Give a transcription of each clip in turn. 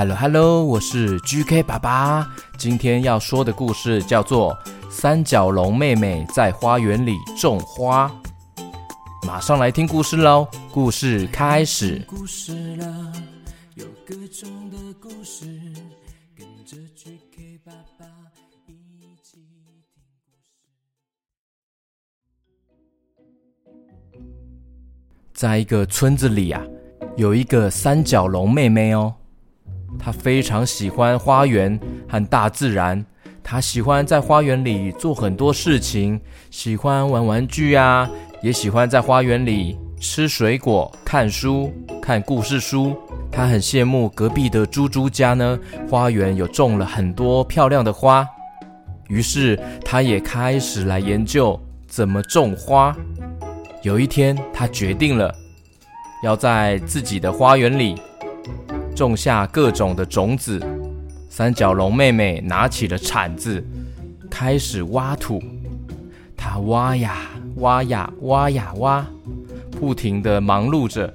Hello Hello，我是 GK 爸爸。今天要說的故事叫做《三角龍妹妹在花園裡種花》。馬上來聽故事嘍！故事開始。故事啦，有各種的故事，跟着 GK 爸爸一起聽故事。在一個村子裡啊，有一個三角龍妹妹哦。他非常喜歡花園和大自然，他喜歡在花園裡做很多事情，喜歡玩玩具啊，也喜歡在花園裡吃水果、看書、看故事書。他很羨慕隔壁的豬豬家呢，花園有種了很多漂亮的花，於是他也開始來研究怎麼種花。有一天，他決定了要在自己的花園裡，種下各種的種子，三角龍妹妹拿起了鏟子，開始挖土。她挖呀挖呀挖呀挖，不停地忙碌着，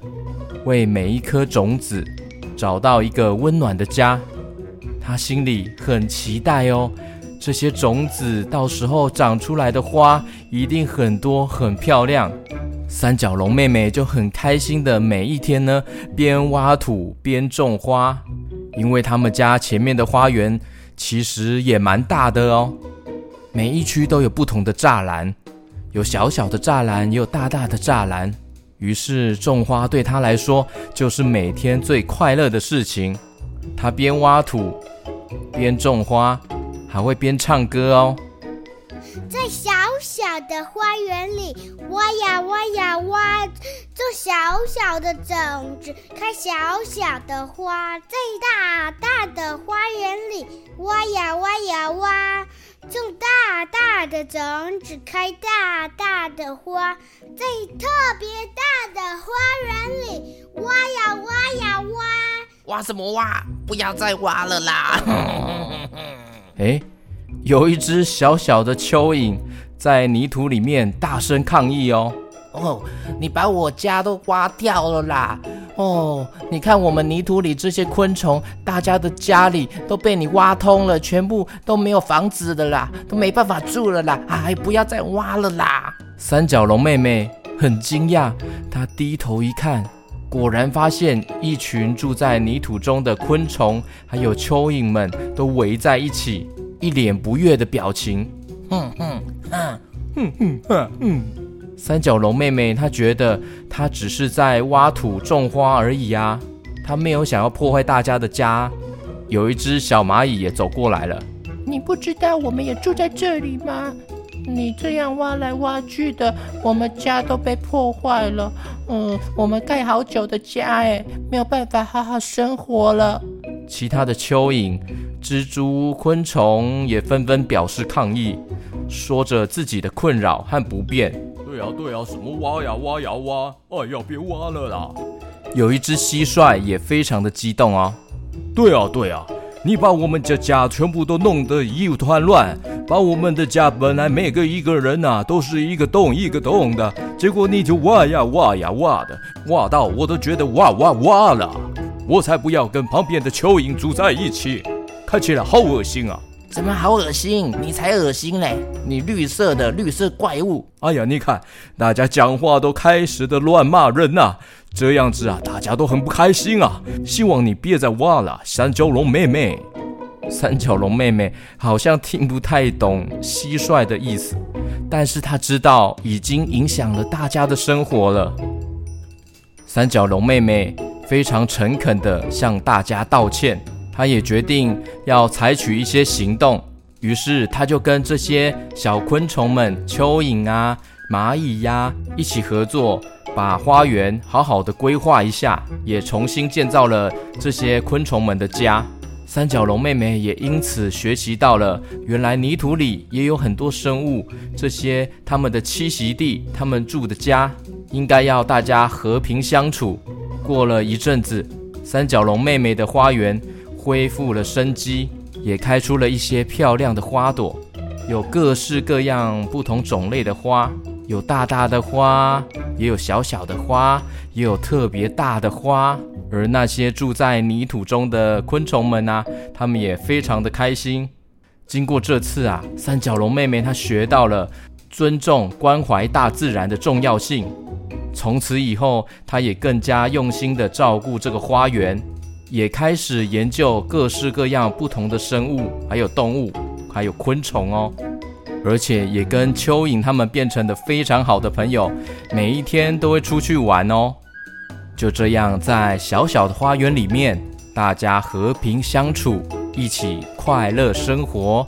為每一顆種子找到一個溫暖的家。她心裡很期待哦，這些種子到時候長出來的花一定很多很漂亮。三角龍妹妹就很開心的，每一天呢，邊挖土邊種花，因為他們家前面的花園其實也蠻大的哦。每一區都有不同的柵欄，有小小的柵欄，也有大大的柵欄。於是種花對她來說就是每天最快樂的事情。她邊挖土邊種花，還會邊唱歌哦。在小小的花園裡挖呀挖呀挖，種小小的種子，開小小的花。在大大的花園裡挖呀挖呀挖，種大大的種子，開大大的花。在特別大的花園裡挖呀挖呀挖，挖什麼挖？不要再挖了啦！ 欸有一隻小小的蚯蚓在泥土裡面大聲抗議，哦哦，你把我家都挖掉了啦！哦，你看我們泥土裡這些昆蟲，大家的家裡都被你挖通了，全部都沒有房子的啦，都沒辦法住了啦！唉，不要再挖了啦！三角龍妹妹很驚訝，她低頭一看，果然發現一群住在泥土中的昆蟲，還有蚯蚓們都圍在一起。一臉不悅的表情。嗯嗯嗯哼哼哼。三角龍妹妹，她覺得她只是在挖土種花而已啊。她沒有想要破壞大家的家。有一隻小螞蟻也走過來了。你不知道我們也住在這裡嗎？你這樣挖來挖去的，我們家都被破壞了。嗯，我們蓋好久的家哎，沒有辦法好好生活了。其他的蚯蚓、蜘蛛、昆蟲也紛紛表示抗議，說着自己的困擾和不便。對啊，對啊，什麼挖呀挖呀挖，哎呀，別挖了啦！有一只蟋蟀也非常的激動啊、哦。對啊，對啊，你把我們的家全部都弄得一團亂，把我們的家本來每個一個人啊，都是一個洞一個洞的，結果你就挖呀，挖呀挖呀挖的，挖到我都覺得挖挖挖了。我才不要跟旁邊的蚯蚓住在一起，看起來好噁心啊！怎麼好噁心？你才噁心嘞！你綠色的綠色怪物！哎呀，你看，大家講話都開始的亂罵人吶，啊，這樣子啊，大家都很不開心啊！希望你別再挖了，三角龍妹妹。三角龍妹妹好像聽不太懂蟋蟀的意思，但是她知道已經影響了大家的生活了。三角龍妹妹。非常誠懇地向大家道歉，他也決定要採取一些行動。於是他就跟這些小昆蟲們、蚯蚓啊、螞蟻呀、啊、一起合作，把花園好好的規劃一下，也重新建造了這些昆蟲們的家。三角龍妹妹也因此學習到了，原來泥土裡也有很多生物，這些它們的棲息地、它們住的家，應該要大家和平相處。過了一陣子，三角龍妹妹的花園恢復了生機，也開出了一些漂亮的花朵，有各式各樣不同種類的花，有大大的花，也有小小的花，也有特別大的花。而那些住在泥土中的昆蟲們啊，他們也非常的開心。經過這次啊，三角龍妹妹她學到了尊重、關懷大自然的重要性。從此以後，他也更加用心地照顧這個花園，也開始研究各式各樣不同的生物，還有動物，還有昆蟲哦。而且也跟蚯蚓他們變成的非常好的朋友，每一天都會出去玩哦。就這樣，在小小的花園裡面，大家和平相處，一起快樂生活。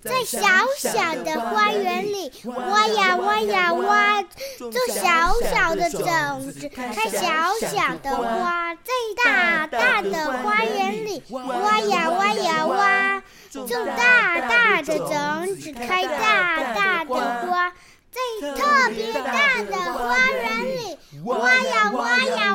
在小小的花園裡，挖呀挖呀挖，種小小的種子，開小小的花。在大大的花園裡，挖呀挖呀挖，種大大的種子，開大大的花。在特別大的花園裡，挖呀挖呀。挖呀挖